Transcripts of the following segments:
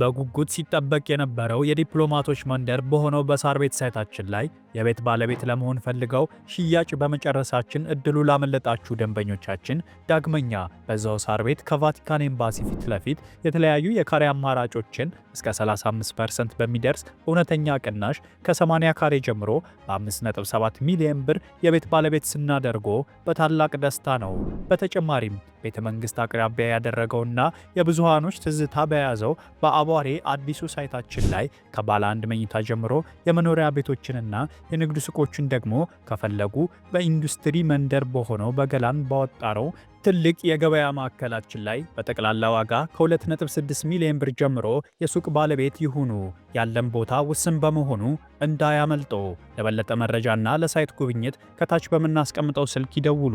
በጉጉት ሲጠበቅ የነበረው የዲፕሎማቶች መንደር በሆነው በሳር ቤት ሳይታችን ላይ የቤት ባለቤት ለመሆን ፈልገው ሽያጭ በመጨረሳችን እድሉ ላመለጣችሁ ደንበኞቻችን ዳግመኛ በዛው ሳር ቤት ከቫቲካን ኤምባሲ ፊት ለፊት የተለያዩ የካሬ አማራጮችን እስከ 35% በሚደርስ እውነተኛ ቅናሽ ከ80 ካሬ ጀምሮ በ5.7 ሚሊዮን ብር የቤት ባለቤት ስናደርጎ በታላቅ ደስታ ነው። በተጨማሪም ቤተ መንግስት አቅራቢያ ያደረገውና የብዙሃኖች ትዝታ በያዘው በአቧሬ አዲሱ ሳይታችን ላይ ከባለ አንድ መኝታ ጀምሮ የመኖሪያ ቤቶችንና የንግድ ሱቆችን ደግሞ ከፈለጉ በኢንዱስትሪ መንደር በሆነው በገላን ባወጣረው ትልቅ የገበያ ማዕከላችን ላይ በጠቅላላ ዋጋ ከ2.6 ሚሊዮን ብር ጀምሮ የሱቅ ባለቤት ይሁኑ። ያለን ቦታ ውስን በመሆኑ እንዳያመልጦ። ለበለጠ መረጃና ለሳይት ጉብኝት ከታች በምናስቀምጠው ስልክ ይደውሉ።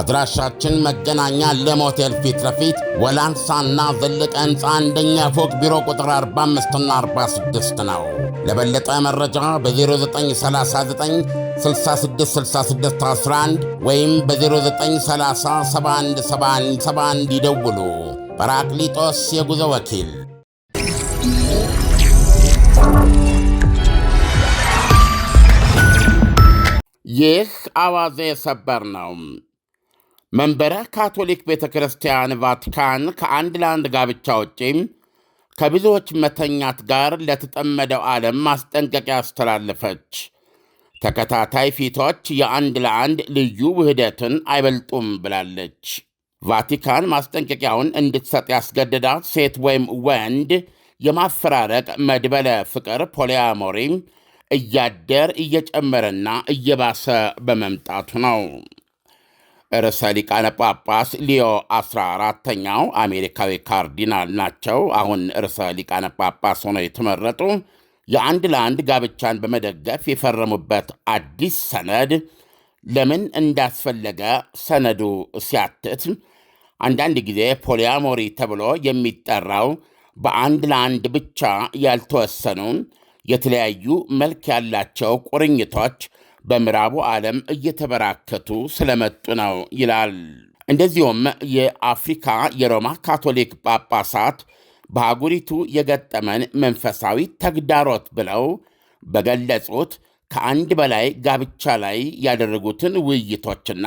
አድራሻችን መገናኛ ለሞቴል ፊት ለፊት ወላንሳና ዘለቀ ህንፃ አንደኛ ፎቅ ቢሮ ቁጥር 45ና 46 ነው። ለበለጠ መረጃ በ0939 666611 ወይም በ0930717171 ይደውሉ። ጰራቅሊጦስ የጉዞ ወኪል ይህ አዋዜ ሰበር ነው። መንበረ ካቶሊክ ቤተ ክርስቲያን ቫቲካን ከአንድ ለአንድ ጋብቻ ውጪም ከብዙዎች መተኛት ጋር ለተጠመደው ዓለም ማስጠንቀቂያ አስተላለፈች። ተከታታይ ፊቶች የአንድ ለአንድ ልዩ ውህደትን አይበልጡም ብላለች። ቫቲካን ማስጠንቀቂያውን እንድትሰጥ ያስገደዳት ሴት ወይም ወንድ የማፈራረቅ መድበለ ፍቅር ፖሊያሞሪ እያደር እየጨመረና እየባሰ በመምጣቱ ነው። ርዕሰ ሊቃነ ጳጳስ ሊዮ 14ተኛው አሜሪካዊ ካርዲናል ናቸው። አሁን ርዕሰ ሊቃነ ጳጳስ ሆነው የተመረጡ የአንድ ለአንድ ጋብቻን በመደገፍ የፈረሙበት አዲስ ሰነድ ለምን እንዳስፈለገ ሰነዱ ሲያትት አንዳንድ ጊዜ ፖሊያሞሪ ተብሎ የሚጠራው በአንድ ለአንድ ብቻ ያልተወሰኑ የተለያዩ መልክ ያላቸው ቁርኝቶች በምዕራቡ ዓለም እየተበራከቱ ስለመጡ ነው ይላል። እንደዚሁም የአፍሪካ የሮማ ካቶሊክ ጳጳሳት በአህጉሪቱ የገጠመን መንፈሳዊ ተግዳሮት ብለው በገለጹት ከአንድ በላይ ጋብቻ ላይ ያደረጉትን ውይይቶችና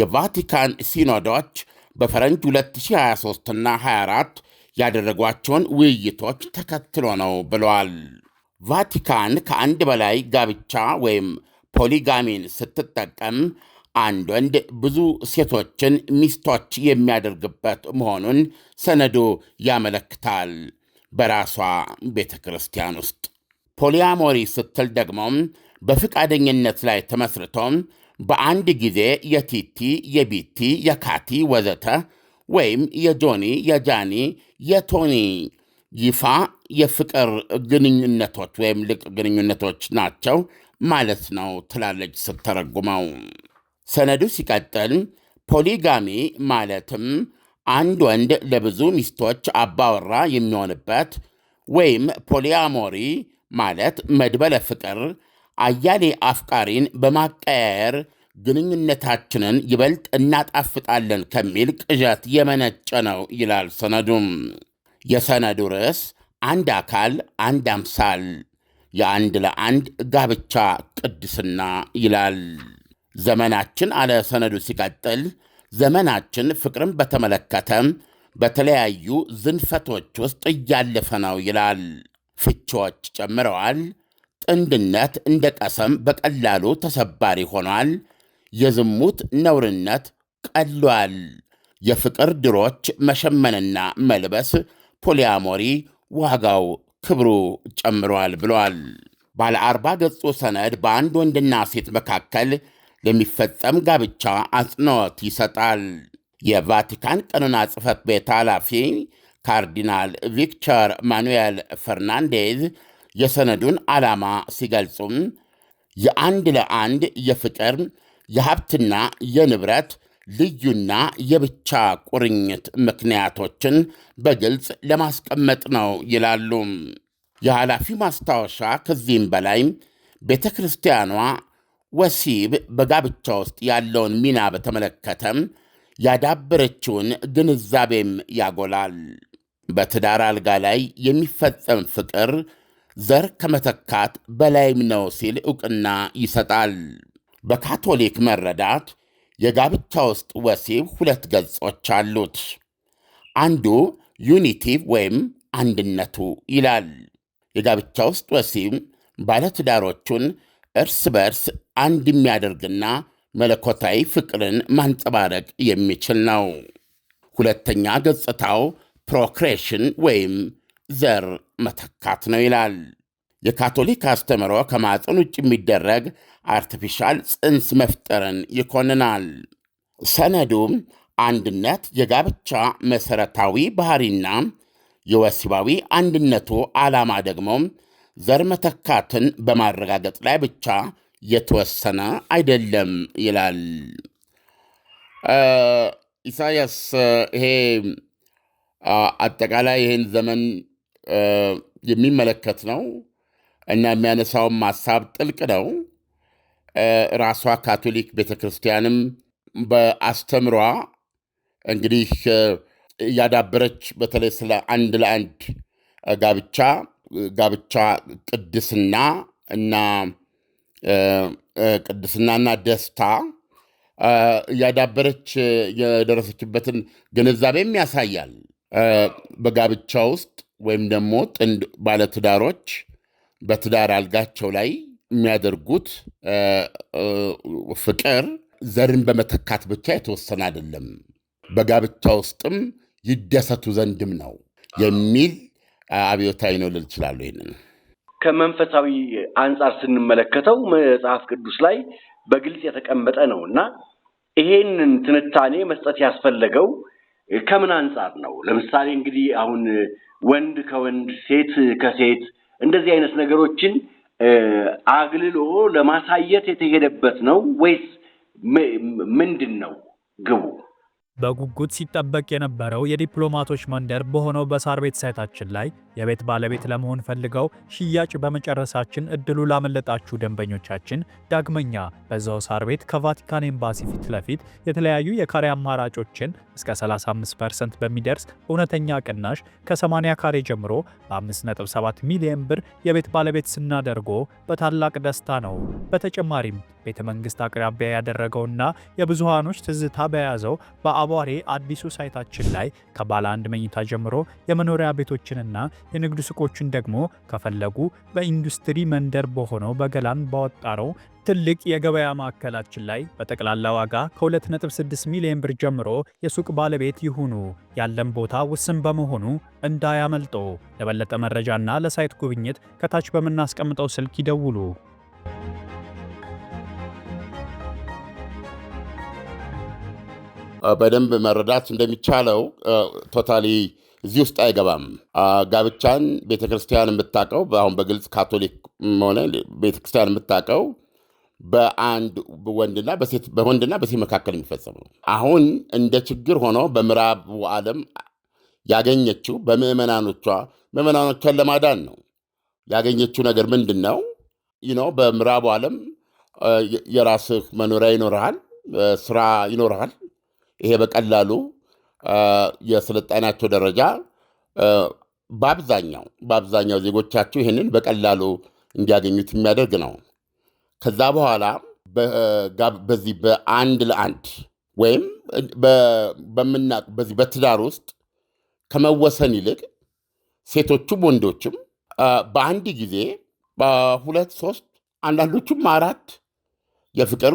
የቫቲካን ሲኖዶች በፈረንጅ 2023ና 24 ያደረጓቸውን ውይይቶች ተከትሎ ነው ብሏል። ቫቲካን ከአንድ በላይ ጋብቻ ወይም ፖሊጋሚን ስትጠቀም አንድ ወንድ ብዙ ሴቶችን ሚስቶች የሚያደርግበት መሆኑን ሰነዱ ያመለክታል። በራሷ ቤተ ክርስቲያን ውስጥ ፖሊያሞሪ ስትል ደግሞ በፈቃደኝነት ላይ ተመስርቶ በአንድ ጊዜ የቲቲ፣ የቢቲ፣ የካቲ ወዘተ ወይም የጆኒ፣ የጃኒ፣ የቶኒ ይፋ የፍቅር ግንኙነቶች ወይም ልቅ ግንኙነቶች ናቸው ማለት ነው ትላለች ስትተረጉመው። ሰነዱ ሲቀጥል ፖሊጋሚ ማለትም አንድ ወንድ ለብዙ ሚስቶች አባወራ የሚሆንበት ወይም ፖሊያሞሪ ማለት መድበለ ፍቅር አያሌ አፍቃሪን በማቀያየር ግንኙነታችንን ይበልጥ እናጣፍጣለን ከሚል ቅዠት የመነጨ ነው ይላል ሰነዱም። የሰነዱ ርዕስ አንድ አካል አንድ አምሳል የአንድ ለአንድ ጋብቻ ቅድስና ይላል። ዘመናችን አለ ሰነዱ ሲቀጥል፣ ዘመናችን ፍቅርን በተመለከተ በተለያዩ ዝንፈቶች ውስጥ እያለፈ ነው ይላል። ፍቺዎች ጨምረዋል። ጥንድነት እንደ ቀሰም በቀላሉ ተሰባሪ ሆኗል። የዝሙት ነውርነት ቀሏል። የፍቅር ድሮች መሸመንና መልበስ ፖሊያሞሪ ዋጋው ክብሩ ጨምሯል ብለዋል። ባለ አርባ ገጹ ሰነድ በአንድ ወንድና ሴት መካከል ለሚፈጸም ጋብቻ አጽንዖት ይሰጣል። የቫቲካን ቀኖና ጽሕፈት ቤት ኃላፊ ካርዲናል ቪክቸር ማኑኤል ፈርናንዴዝ የሰነዱን ዓላማ ሲገልጹም የአንድ ለአንድ የፍቅር የሀብትና የንብረት ልዩና የብቻ ቁርኝት ምክንያቶችን በግልጽ ለማስቀመጥ ነው ይላሉ። የኃላፊው ማስታወሻ ከዚህም በላይ ቤተ ክርስቲያኗ ወሲብ በጋብቻ ውስጥ ያለውን ሚና በተመለከተም ያዳበረችውን ግንዛቤም ያጎላል። በትዳር አልጋ ላይ የሚፈጸም ፍቅር ዘር ከመተካት በላይም ነው ሲል ዕውቅና ይሰጣል። በካቶሊክ መረዳት የጋብቻ ውስጥ ወሲብ ሁለት ገጾች አሉት። አንዱ ዩኒቲ ወይም አንድነቱ ይላል። የጋብቻ ውስጥ ወሲብ ባለትዳሮቹን እርስ በርስ አንድ የሚያደርግና መለኮታዊ ፍቅርን ማንጸባረቅ የሚችል ነው። ሁለተኛ ገጽታው ፕሮክሬሽን ወይም ዘር መተካት ነው ይላል። የካቶሊክ አስተምሮ ከማፀን ውጭ የሚደረግ አርቲፊሻል ጽንስ መፍጠርን ይኮንናል። ሰነዱም አንድነት የጋብቻ መሠረታዊ ባህሪና የወሲባዊ አንድነቱ ዓላማ ደግሞ ዘር መተካትን በማረጋገጥ ላይ ብቻ የተወሰነ አይደለም ይላል። ኢሳያስ ይሄ አጠቃላይ ይህን ዘመን የሚመለከት ነው። እና የሚያነሳውም ሀሳብ ጥልቅ ነው። ራሷ ካቶሊክ ቤተ ክርስቲያንም በአስተምሯ እንግዲህ እያዳበረች በተለይ ስለ አንድ ለአንድ ጋብቻ ጋብቻ ቅድስና እና ቅድስናና ደስታ እያዳበረች የደረሰችበትን ግንዛቤም ያሳያል። በጋብቻ ውስጥ ወይም ደግሞ ጥንድ ባለትዳሮች በትዳር አልጋቸው ላይ የሚያደርጉት ፍቅር ዘርን በመተካት ብቻ የተወሰነ አይደለም፣ በጋብቻ ውስጥም ይደሰቱ ዘንድም ነው የሚል አብዮታዊ ነው ልል እችላለሁ። ይህንን ከመንፈሳዊ አንጻር ስንመለከተው መጽሐፍ ቅዱስ ላይ በግልጽ የተቀመጠ ነው እና ይሄንን ትንታኔ መስጠት ያስፈለገው ከምን አንጻር ነው? ለምሳሌ እንግዲህ አሁን ወንድ ከወንድ ሴት ከሴት እንደዚህ አይነት ነገሮችን አግልሎ ለማሳየት የተሄደበት ነው ወይስ ምንድን ነው ግቡ? በጉጉት ሲጠበቅ የነበረው የዲፕሎማቶች መንደር በሆነው በሳር ቤት ሳይታችን ላይ የቤት ባለቤት ለመሆን ፈልገው ሽያጭ በመጨረሳችን እድሉ ላመለጣችሁ ደንበኞቻችን ዳግመኛ በዛው ሳር ቤት ከቫቲካን ኤምባሲ ፊት ለፊት የተለያዩ የካሬ አማራጮችን እስከ 35% በሚደርስ እውነተኛ ቅናሽ ከ80 ካሬ ጀምሮ በ5.7 ሚሊዮን ብር የቤት ባለቤት ስናደርጎ በታላቅ ደስታ ነው። በተጨማሪም ቤተ መንግስት አቅራቢያ ያደረገውና የብዙሃኖች ትዝታ በያዘው በአ አቧሬ አዲሱ ሳይታችን ላይ ከባለ አንድ መኝታ ጀምሮ የመኖሪያ ቤቶችንና የንግድ ሱቆችን ደግሞ ከፈለጉ በኢንዱስትሪ መንደር በሆነው በገላን ባወጣነው ትልቅ የገበያ ማዕከላችን ላይ በጠቅላላ ዋጋ ከ2.6 ሚሊዮን ብር ጀምሮ የሱቅ ባለቤት ይሁኑ። ያለን ቦታ ውስን በመሆኑ እንዳያመልጦ። ለበለጠ መረጃና ለሳይት ጉብኝት ከታች በምናስቀምጠው ስልክ ይደውሉ። በደንብ መረዳት እንደሚቻለው ቶታሊ እዚህ ውስጥ አይገባም። ጋብቻን ቤተክርስቲያን የምታውቀው አሁን በግልጽ ካቶሊክ ሆነ ቤተክርስቲያን የምታውቀው በአንድ ወንድና በሴት በወንድና በሴት መካከል የሚፈጸም ነው። አሁን እንደ ችግር ሆኖ በምዕራቡ ዓለም ያገኘችው በምዕመናኖቿ ምዕመናኖቿን ለማዳን ነው ያገኘችው ነገር ምንድን ነው? ነው በምዕራቡ ዓለም የራስህ መኖሪያ ይኖርሃል፣ ስራ ይኖርሃል ይሄ በቀላሉ የስልጣናቸው ደረጃ በአብዛኛው በአብዛኛው ዜጎቻቸው ይህንን በቀላሉ እንዲያገኙት የሚያደርግ ነው። ከዛ በኋላ በዚህ በአንድ ለአንድ ወይም በምና በዚህ በትዳር ውስጥ ከመወሰን ይልቅ ሴቶቹም ወንዶችም በአንድ ጊዜ በሁለት ሶስት አንዳንዶቹም አራት የፍቅር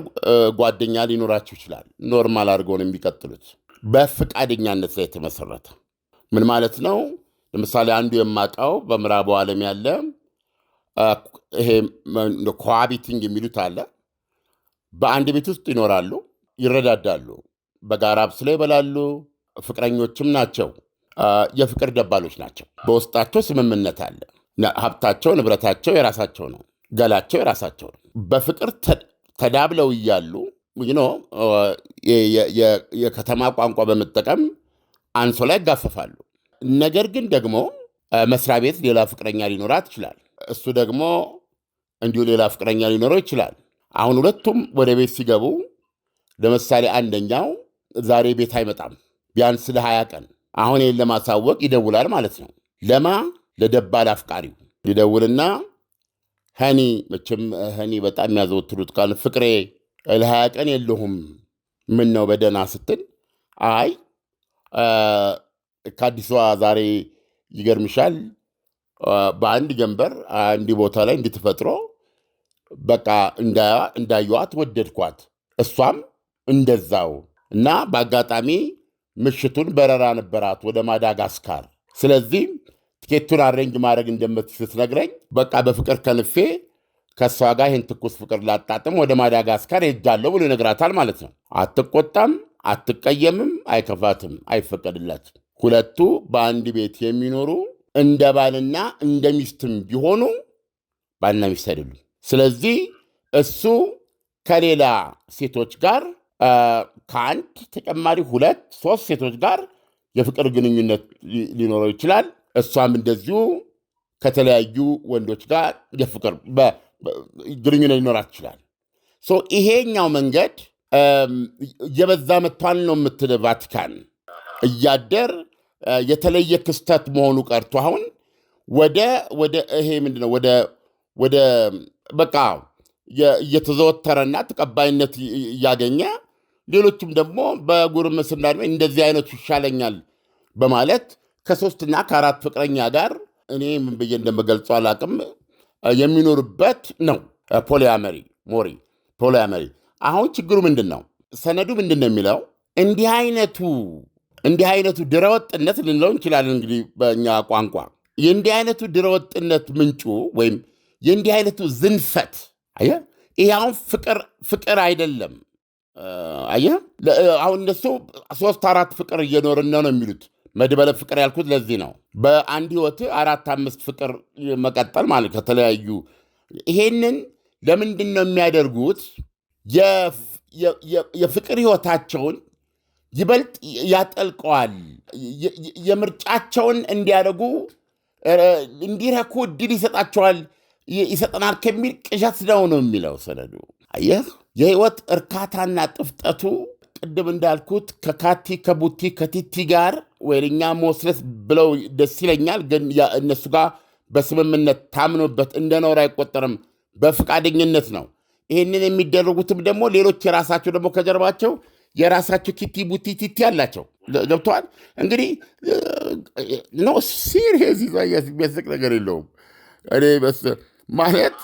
ጓደኛ ሊኖራቸው ይችላል። ኖርማል አድርገው ነው የሚቀጥሉት። በፈቃደኛነት ላይ የተመሰረተ ምን ማለት ነው? ለምሳሌ አንዱ የማውቀው በምዕራቡ ዓለም ያለ ይሄ ኮሃቢቲንግ የሚሉት አለ። በአንድ ቤት ውስጥ ይኖራሉ፣ ይረዳዳሉ፣ በጋራ አብስለው ይበላሉ። ፍቅረኞችም ናቸው፣ የፍቅር ደባሎች ናቸው። በውስጣቸው ስምምነት አለ። ሀብታቸው፣ ንብረታቸው የራሳቸው ነው፣ ገላቸው የራሳቸው ነው። በፍቅር ተዳብለው እያሉ የከተማ ቋንቋ በመጠቀም አንሶላ ይጋፈፋሉ። ነገር ግን ደግሞ መስሪያ ቤት ሌላ ፍቅረኛ ሊኖራት ይችላል። እሱ ደግሞ እንዲሁ ሌላ ፍቅረኛ ሊኖረው ይችላል። አሁን ሁለቱም ወደ ቤት ሲገቡ ለምሳሌ አንደኛው ዛሬ ቤት አይመጣም ቢያንስ ለሀያ ቀን አሁን ይህን ለማሳወቅ ይደውላል ማለት ነው። ለማ ለደባል አፍቃሪው ይደውልና ሀኒ መቼም ሀኒ በጣም የሚያዘወትሩት ቃል ፍቅሬ ለሀያ ቀን የለሁም ምን ነው በደህና ስትል አይ ከአዲሷ ዛሬ ይገርምሻል በአንድ ገንበር አንድ ቦታ ላይ እንድትፈጥሮ በቃ እንዳየዋት ወደድኳት፣ እሷም እንደዛው እና በአጋጣሚ ምሽቱን በረራ ነበራት ወደ ማዳጋስካር ስለዚህ ትኬቱን አሬንጅ ማድረግ እንደምትችል ስትነግረኝ በቃ በፍቅር ከንፌ ከእሷ ጋር ይህን ትኩስ ፍቅር ላጣጥም ወደ ማዳጋስካር ሄጃለሁ ብሎ ይነግራታል ማለት ነው። አትቆጣም፣ አትቀየምም፣ አይከፋትም፣ አይፈቀድላትም። ሁለቱ በአንድ ቤት የሚኖሩ እንደ ባልና እንደ ሚስትም ቢሆኑ ባልና ሚስት አይደሉም። ስለዚህ እሱ ከሌላ ሴቶች ጋር ከአንድ ተጨማሪ ሁለት ሶስት ሴቶች ጋር የፍቅር ግንኙነት ሊኖረው ይችላል። እሷም እንደዚሁ ከተለያዩ ወንዶች ጋር የፍቅር ግንኙነት ሊኖራት ይችላል። ይሄኛው መንገድ የበዛ መጥቷል ነው የምትል ቫቲካን እያደር የተለየ ክስተት መሆኑ ቀርቶ አሁን ወደ ወደ ይሄ ምንድነው ወደ ወደ በቃ እየተዘወተረና ተቀባይነት እያገኘ ሌሎቹም ደግሞ በጉርምስና እድሜ እንደዚህ አይነቱ ይሻለኛል በማለት ከሶስትና ከአራት ፍቅረኛ ጋር እኔ ምን ብዬ እንደምገልጸው አላቅም የሚኖርበት ነው። ፖሊያመሪ ሞሪ ፖሊያመሪ። አሁን ችግሩ ምንድን ነው? ሰነዱ ምንድን ነው የሚለው? እንዲህ አይነቱ እንዲህ አይነቱ ድረወጥነት ልንለው እንችላለን እንግዲህ በእኛ ቋንቋ የእንዲህ አይነቱ ድረወጥነት ምንጩ ወይም የእንዲህ አይነቱ ዝንፈት አየ ይህ አሁን ፍቅር ፍቅር አይደለም። አየ አሁን እነሱ ሶስት አራት ፍቅር እየኖርን ነው የሚሉት መድበለ ፍቅር ያልኩት ለዚህ ነው። በአንድ ህይወት አራት አምስት ፍቅር መቀጠል ማለት ከተለያዩ ይሄንን ለምንድን ነው የሚያደርጉት? የፍቅር ህይወታቸውን ይበልጥ ያጠልቀዋል። የምርጫቸውን እንዲያደርጉ እንዲረኩ እድል ይሰጣቸዋል ይሰጠናል ከሚል ቅዠት ነው ነው የሚለው ሰነዱ። አየህ የህይወት እርካታና ጥፍጠቱ ቅድም እንዳልኩት ከካቲ ከቡቲ ከቲቲ ጋር ወይኛ መወስለስ ብለው ደስ ይለኛል፣ ግን እነሱ ጋር በስምምነት ታምኖበት እንደኖር አይቆጠርም። በፈቃደኝነት ነው። ይህንን የሚደረጉትም ደግሞ ሌሎች የራሳቸው ደግሞ ከጀርባቸው የራሳቸው ኪቲ ቡቲ ቲቲ አላቸው። ገብተዋል። እንግዲህ ኖ ሲሪየስ ኢሳያስ የሚያስቅ ነገር የለውም። እኔ ማለት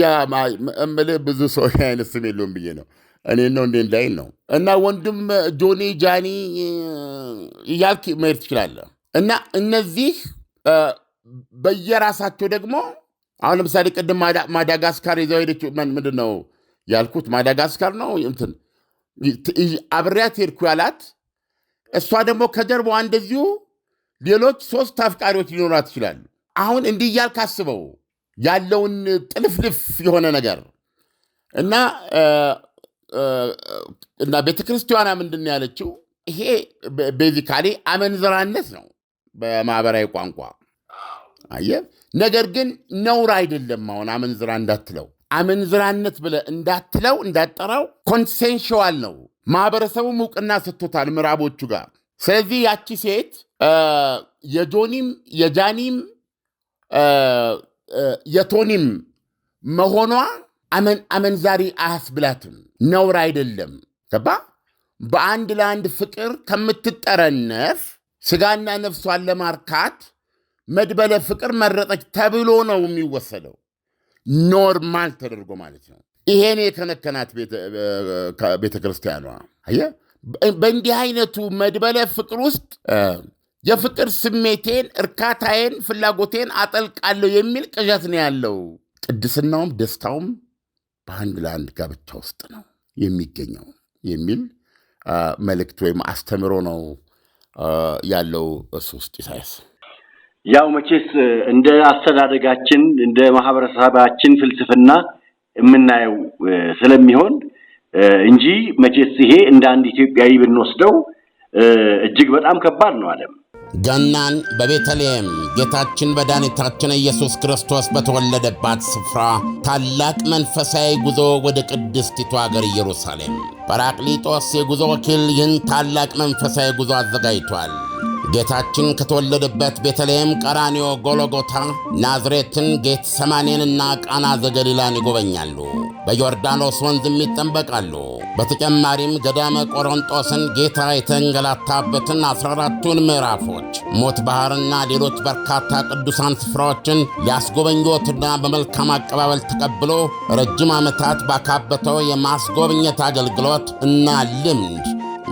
ያ እምልህ ብዙ ሰው አይነት ስም የለውም ብዬ ነው እኔ ነው እንዴ እንዳይል ነው እና ወንድም ጆኒ ጃኒ እያልክ መሄድ ትችላለህ። እና እነዚህ በየራሳቸው ደግሞ አሁን ለምሳሌ ቅድም ማዳጋስካር ይዘው ሄደች። ምንድን ነው ያልኩት? ማዳጋስካር ነው እንትን አብሬያት ሄድኩ ያላት እሷ ደግሞ ከጀርባዋ እንደዚሁ ሌሎች ሶስት አፍቃሪዎች ሊኖራት ይችላሉ። አሁን እንዲህ እያልክ አስበው ያለውን ጥልፍልፍ የሆነ ነገር እና እና ቤተክርስቲያኗ ምንድን ያለችው? ይሄ ቤዚካሊ አመንዝራነት ነው በማህበራዊ ቋንቋ አየ። ነገር ግን ነውር አይደለም። አሁን አመንዝራ እንዳትለው አመንዝራነት ብለ እንዳትለው እንዳጠራው ኮንሴንሽዋል ነው። ማህበረሰቡም እውቅና ሰጥቶታል ምዕራቦቹ ጋር። ስለዚህ ያቺ ሴት የጆኒም የጃኒም የቶኒም መሆኗ አመንዛሪ አያስብላትም። ነውር አይደለም። ገባ? በአንድ ለአንድ ፍቅር ከምትጠረነፍ ስጋና ነፍሷን ለማርካት መድበለ ፍቅር መረጠች ተብሎ ነው የሚወሰደው፣ ኖርማል ተደርጎ ማለት ነው። ይሄን የከነከናት ቤተ ክርስቲያኗ በእንዲህ አይነቱ መድበለ ፍቅር ውስጥ የፍቅር ስሜቴን፣ እርካታዬን፣ ፍላጎቴን አጠልቃለሁ የሚል ቅዠት ነው ያለው። ቅድስናውም ደስታውም በአንድ ለአንድ ጋብቻ ውስጥ ነው የሚገኘው የሚል መልእክት ወይም አስተምሮ ነው ያለው እሱ ውስጥ ኢሳያስ። ያው መቼስ እንደ አስተዳደጋችን እንደ ማህበረሰባችን ፍልስፍና የምናየው ስለሚሆን እንጂ መቼስ ይሄ እንደ አንድ ኢትዮጵያዊ ብንወስደው እጅግ በጣም ከባድ ነው ዓለም ገናን በቤተልሔም ጌታችን መድኃኒታችን ኢየሱስ ክርስቶስ በተወለደባት ስፍራ ታላቅ መንፈሳዊ ጉዞ ወደ ቅድስቲቱ አገር ኢየሩሳሌም። ጰራቅሊጦስ የጉዞ ወኪል ይህን ታላቅ መንፈሳዊ ጉዞ አዘጋጅቷል። ጌታችን ከተወለደበት ቤተልሔም፣ ቀራኒዮ፣ ጎሎጎታ፣ ናዝሬትን፣ ጌት ሰማኔንና ቃና ዘገሊላን ይጎበኛሉ። በዮርዳኖስ ወንዝም ይጠንበቃሉ። በተጨማሪም ገዳመ ቆሮንጦስን ጌታ የተንገላታበትን 14ቱን ምዕራፎች ሞት ባሕርና ሌሎች በርካታ ቅዱሳን ስፍራዎችን ያስጎበኞትና በመልካም አቀባበል ተቀብሎ ረጅም ዓመታት ባካበተው የማስጎብኘት አገልግሎት እና ልምድ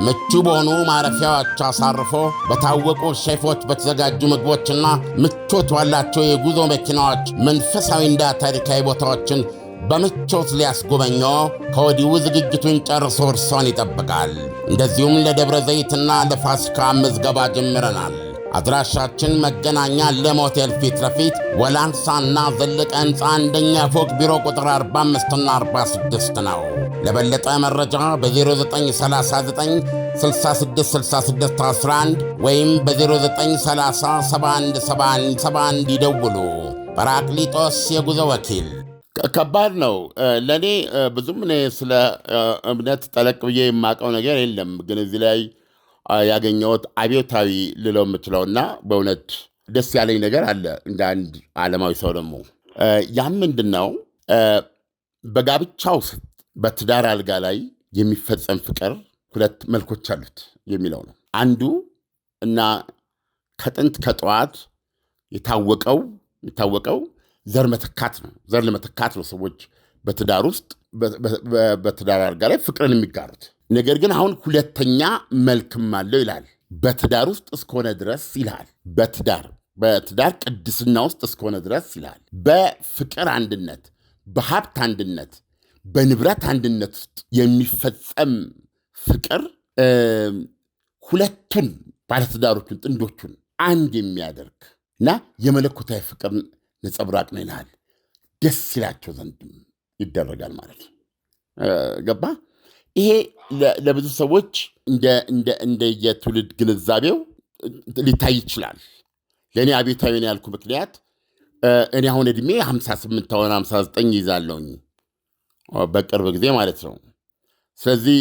ምቹ በሆኑ ማረፊያዎች አሳርፎ በታወቁ ሼፎች በተዘጋጁ ምግቦችና ምቾት ባላቸው የጉዞ መኪናዎች መንፈሳዊና ታሪካዊ ቦታዎችን በምቾት ሊያስጎበኘው ከወዲሁ ዝግጅቱን ጨርሶ እርሶን ይጠብቃል። እንደዚሁም ለደብረ ዘይትና ለፋሲካ ምዝገባ ጀምረናል። አድራሻችን መገናኛ ለም ሆቴል ፊት ለፊት ወላንሳና ዘለቀ ሕንፃ አንደኛ ፎቅ ቢሮ ቁጥር 45ና 46 ነው። ለበለጠ መረጃ በ0939 666611 ወይም በ0930 ይደውሉ። ጰራቅሊጦስ የጉዞ ወኪል ከባድ ነው። ለእኔ ብዙም እኔ ስለ እምነት ጠለቅ ብዬ የማውቀው ነገር የለም፣ ግን እዚህ ላይ ያገኘሁት አብዮታዊ ልለው እና በእውነት ደስ ያለኝ ነገር አለ። እንደ አንድ ዓለማዊ ሰው ደግሞ ያም ምንድን ነው በጋብቻ ውስጥ በትዳር አልጋ ላይ የሚፈጸም ፍቅር ሁለት መልኮች አሉት የሚለው ነው። አንዱ እና ከጥንት ከጠዋት የታወቀው የታወቀው ዘር መተካት ነው። ዘር ለመተካት ነው ሰዎች በትዳር ውስጥ በትዳር አልጋ ላይ ፍቅርን የሚጋሩት። ነገር ግን አሁን ሁለተኛ መልክም አለው ይላል። በትዳር ውስጥ እስከሆነ ድረስ ይላል። በትዳር በትዳር ቅድስና ውስጥ እስከሆነ ድረስ ይላል። በፍቅር አንድነት፣ በሀብት አንድነት፣ በንብረት አንድነት ውስጥ የሚፈጸም ፍቅር ሁለቱን ባለትዳሮቹን ጥንዶቹን አንድ የሚያደርግ እና የመለኮታዊ ፍቅርን ነጸብራቅ ነው ይልሃል። ደስ ይላቸው ዘንድ ይደረጋል ማለት ነው። ገባ? ይሄ ለብዙ ሰዎች እንደየትውልድ ግንዛቤው ሊታይ ይችላል። ለእኔ አቤታዊ ነው ያልኩ ምክንያት እኔ አሁን እድሜ 58 ሆነ 59 ይዛለውኝ በቅርብ ጊዜ ማለት ነው። ስለዚህ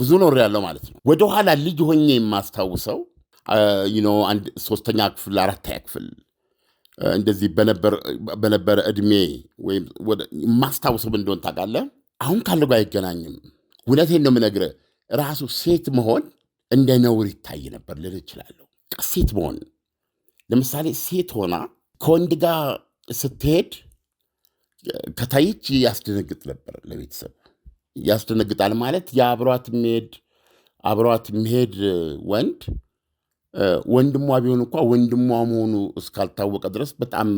ብዙ ኖር ያለው ማለት ነው። ወደኋላ ልጅ ሆኜ የማስታውሰው ሶስተኛ ክፍል አራተኛ ክፍል እንደዚህ በነበረ እድሜ ወይም ማስታውሰው እንደሆን ታውቃለህ፣ አሁን ካለው ጋር አይገናኝም። እውነቴን ነው የምነግርህ። ራሱ ሴት መሆን እንደ ነውር ይታይ ነበር ልል እችላለሁ። ሴት መሆን ለምሳሌ ሴት ሆና ከወንድ ጋር ስትሄድ ከታይች ያስደነግጥ ነበር። ለቤተሰብ ያስደነግጣል ማለት የአብሯት የሚሄድ አብሯት የሚሄድ ወንድ ወንድሟ ቢሆን እንኳ ወንድሟ መሆኑ እስካልታወቀ ድረስ በጣም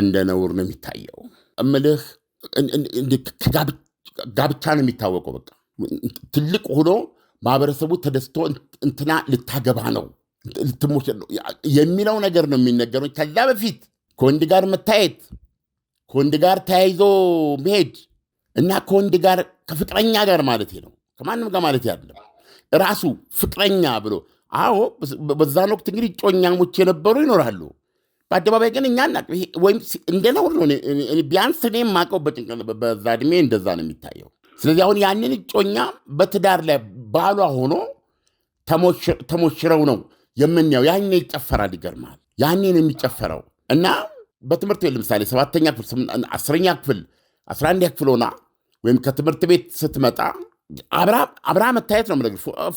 እንደ ነውር ነው የሚታየው። እምልህ ጋብቻ ነው የሚታወቀው። በቃ ትልቅ ሆኖ ማህበረሰቡ ተደስቶ እንትና ልታገባ ነው ልትሞሸ ነው የሚለው ነገር ነው የሚነገረው። ከዛ በፊት ከወንድ ጋር መታየት፣ ከወንድ ጋር ተያይዞ መሄድ እና ከወንድ ጋር ከፍቅረኛ ጋር ማለት ነው ከማንም ጋር ማለት ያለም ራሱ ፍቅረኛ ብሎ አዎ በዛን ወቅት እንግዲህ ጮኛሞች የነበሩ ይኖራሉ። በአደባባይ ግን እኛ ወይም እንደ ነውር ነው። ቢያንስ እኔ የማውቀው በዛ እድሜ እንደዛ ነው የሚታየው። ስለዚህ አሁን ያንን እጮኛ በትዳር ላይ ባሏ ሆኖ ተሞሽረው ነው የምናየው። ያኔ ይጨፈራል። ይገርማል። ያኔ ነው የሚጨፈረው እና በትምህርት ቤት ለምሳሌ ሰባተኛ ክፍል፣ አስረኛ ክፍል፣ አስራ አንደኛ ክፍል ሆና ወይም ከትምህርት ቤት ስትመጣ አብራ መታየት ነው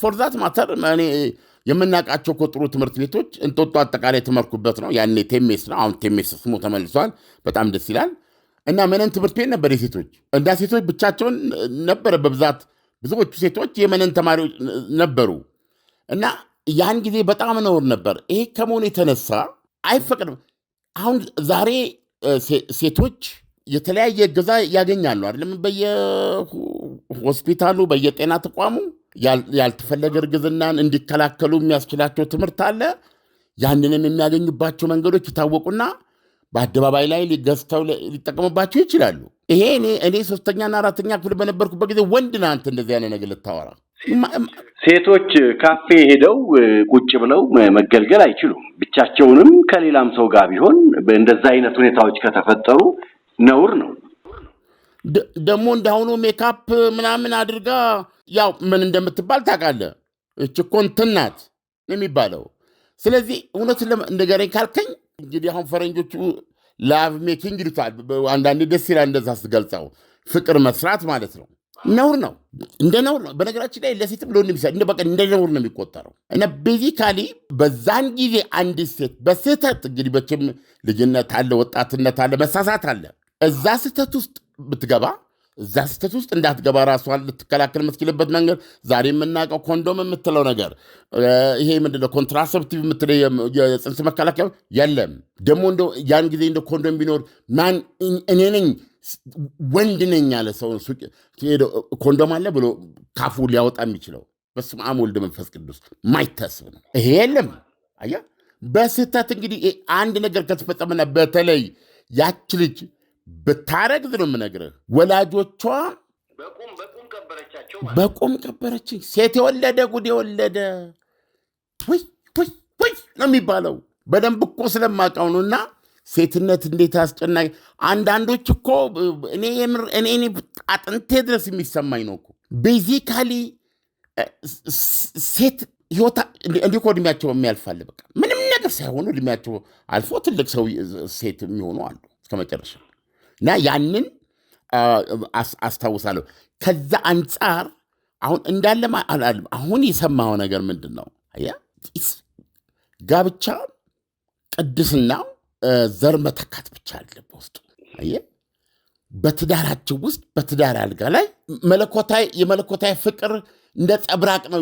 ፎርዛት ማተር የምናውቃቸው እኮ ጥሩ ትምህርት ቤቶች እንጦጦ አጠቃላይ የተመርኩበት ነው። ያኔ ቴሜስ ነው። አሁን ቴሜስ ስሙ ተመልሷል። በጣም ደስ ይላል። እና መነን ትምህርት ቤት ነበር የሴቶች እና ሴቶች ብቻቸውን ነበረ በብዛት ብዙዎቹ ሴቶች የመነን ተማሪዎች ነበሩ። እና ያን ጊዜ በጣም ነውር ነበር። ይሄ ከመሆኑ የተነሳ አይፈቅድም። አሁን ዛሬ ሴቶች የተለያየ እገዛ ያገኛሉ አይደለም? በየሆስፒታሉ በየጤና ተቋሙ ያልተፈለገ እርግዝናን እንዲከላከሉ የሚያስችላቸው ትምህርት አለ። ያንንም የሚያገኙባቸው መንገዶች ይታወቁና በአደባባይ ላይ ገዝተው ሊጠቀሙባቸው ይችላሉ። ይሄ እኔ ሶስተኛና አራተኛ ክፍል በነበርኩበት ጊዜ ወንድ ነህ እንደዚህ አይነት ነገር ልታወራ። ሴቶች ካፌ ሄደው ቁጭ ብለው መገልገል አይችሉም። ብቻቸውንም ከሌላም ሰው ጋር ቢሆን እንደዛ አይነት ሁኔታዎች ከተፈጠሩ ነውር ነው። ደግሞ እንዳሁኑ ሜካፕ ምናምን አድርጋ ያው ምን እንደምትባል ታውቃለህ። እች እኮ እንትን ናት የሚባለው። ስለዚህ እውነት እንደገረኝ ካልከኝ እንግዲህ አሁን ፈረንጆቹ ላቭ ሜኪንግ ይሉታል። አንዳንዴ ደስ ይላል እንደዛ ስገልጸው፣ ፍቅር መስራት ማለት ነው። ነውር ነው፣ እንደ ነውር ነው። በነገራችን ላይ ለሴትም ለወንድ እንደ ነውር ነው የሚቆጠረው እና ቤዚካሊ በዛን ጊዜ አንዲት ሴት በስህተት እንግዲህ በችም ልጅነት አለ፣ ወጣትነት አለ፣ መሳሳት አለ እዛ ስህተት ውስጥ ብትገባ እዛ ስህተት ውስጥ እንዳትገባ ራሷን ልትከላከል የምትችልበት መንገድ ዛሬ የምናውቀው ኮንዶም የምትለው ነገር ይሄ ምንድነው ኮንትራሰፕቲቭ የምትለው የፅንስ መከላከያ የለም። ደግሞ እንደ ያን ጊዜ እንደ ኮንዶም ቢኖር ማን እኔ ነኝ ወንድ ነኝ ያለ ሰው ኮንዶም አለ ብሎ ካፉ ሊያወጣ የሚችለው በስመ አብ ወልድ መንፈስ ቅዱስ ማይታስብ ነው። ይሄ የለም። አያ በስህተት እንግዲህ አንድ ነገር ከተፈጸመና በተለይ ያች ልጅ ብታረግዝ ነው የምነግርህ። ወላጆቿ በቁም ቀበረችኝ። ሴት የወለደ ጉድ የወለደ ውይ ውይ ውይ ነው የሚባለው። በደንብ እኮ ስለማውቀው ነው። እና ሴትነት እንዴት አስጨናቂ! አንዳንዶች እኮ እኔ አጥንቴ ድረስ የሚሰማኝ ነው እኮ ቤዚካሊ ሴት ህይወታ እንዲህ እኮ እድሜያቸው የሚያልፋል። በቃ ምንም ነገር ሳይሆኑ እድሜያቸው አልፎ ትልቅ ሰው ሴት የሚሆኑ አሉ እስከ መጨረሻ እና ያንን አስታውሳለሁ። ከዛ አንጻር አሁን እንዳለ አሁን የሰማው ነገር ምንድን ነው? ጋብቻ ቅድስና ዘር መተካት ብቻ አለ በውስጡ በትዳራችን ውስጥ በትዳር አልጋ ላይ መለኮታዊ የመለኮታዊ ፍቅር እንደ ጸብራቅ ነው።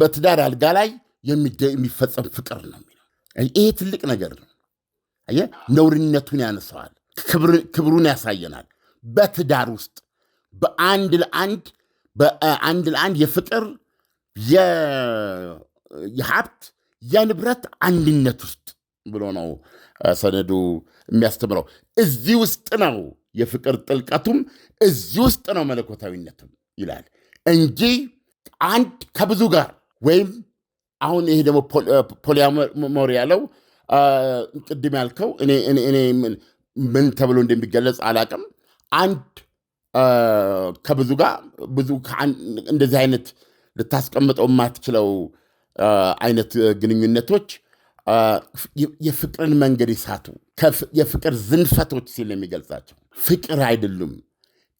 በትዳር አልጋ ላይ የሚፈጸም ፍቅር ነው የሚለው ይሄ ትልቅ ነገር ነው። ነውርነቱን ያነሰዋል። ክብሩን ያሳየናል። በትዳር ውስጥ በአንድ ለአንድ በአንድ ለአንድ የፍቅር የሀብት የንብረት አንድነት ውስጥ ብሎ ነው ሰነዱ የሚያስተምረው። እዚህ ውስጥ ነው የፍቅር ጥልቀቱም፣ እዚህ ውስጥ ነው መለኮታዊነትም ይላል እንጂ አንድ ከብዙ ጋር ወይም አሁን ይሄ ደግሞ ፖሊያሞሪ ያለው ቅድም ያልከው እኔ ምን ተብሎ እንደሚገለጽ አላቅም። አንድ ከብዙ ጋር ብዙ እንደዚህ አይነት ልታስቀምጠው የማትችለው አይነት ግንኙነቶች የፍቅርን መንገድ ይሳቱ፣ የፍቅር ዝንፈቶች ሲል የሚገልጻቸው ፍቅር አይደሉም።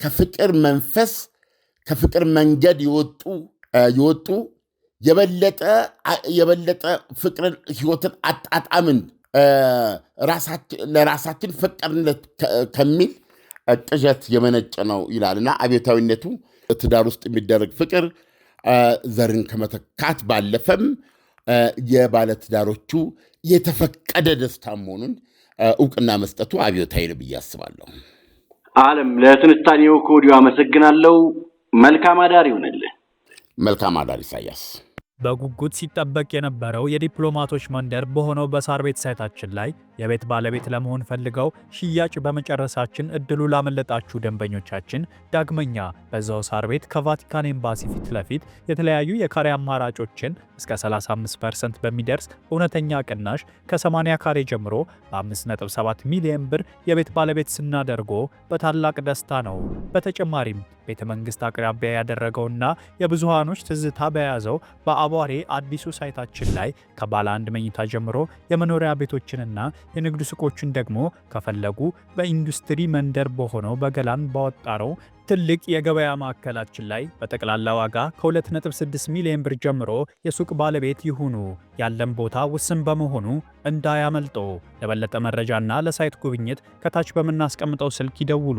ከፍቅር መንፈስ ከፍቅር መንገድ የወጡ የበለጠ ፍቅርን ህይወትን አጣጣምን ለራሳችን ፈቀድለት ከሚል ቅዠት የመነጨ ነው ይላል እና አብዮታዊነቱ ትዳር ውስጥ የሚደረግ ፍቅር ዘርን ከመተካት ባለፈም የባለትዳሮቹ የተፈቀደ ደስታ መሆኑን እውቅና መስጠቱ አብዮታዊ ነው ብዬ አስባለሁ። አለም ለትንታኔው ከወዲሁ አመሰግናለሁ። መልካም አዳር ይሆንልህ። መልካም አዳር ኢሳያስ። በጉጉት ሲጠበቅ የነበረው የዲፕሎማቶች መንደር በሆነው በሳር ቤት ሳይታችን ላይ የቤት ባለቤት ለመሆን ፈልገው ሽያጭ በመጨረሳችን እድሉ ላመለጣችሁ ደንበኞቻችን ዳግመኛ በዛው ሳር ቤት ከቫቲካን ኤምባሲ ፊት ለፊት የተለያዩ የካሬ አማራጮችን እስከ 35% በሚደርስ እውነተኛ ቅናሽ ከ80 ካሬ ጀምሮ በ5.7 ሚሊዮን ብር የቤት ባለቤት ስናደርጎ በታላቅ ደስታ ነው። በተጨማሪም ቤተ መንግስት አቅራቢያ ያደረገውና የብዙሃኖች ትዝታ በያዘው በአቧሬ አዲሱ ሳይታችን ላይ ከባለ አንድ መኝታ ጀምሮ የመኖሪያ ቤቶችንና የንግድ ሱቆቹን ደግሞ ከፈለጉ በኢንዱስትሪ መንደር በሆነው በገላን ባወጣረው ትልቅ የገበያ ማዕከላችን ላይ በጠቅላላ ዋጋ ከ2.6 ሚሊዮን ብር ጀምሮ የሱቅ ባለቤት ይሁኑ። ያለን ቦታ ውስን በመሆኑ እንዳያመልጦ። ለበለጠ መረጃና ለሳይት ጉብኝት ከታች በምናስቀምጠው ስልክ ይደውሉ።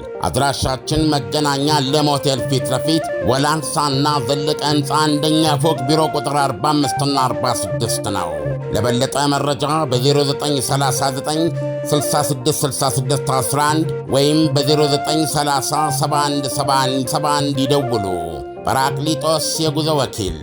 አድራሻችን መገናኛ ለም ሆቴል ፊት ለፊት ወላንሳና ዘለቀ ህንፃ አንደኛ ፎቅ ቢሮ ቁጥር 45 እና 46 ነው። ለበለጠ መረጃ በ0939666611 ወይም በ0930717171 ይደውሉ። ጰራቅሊጦስ የጉዞ ወኪል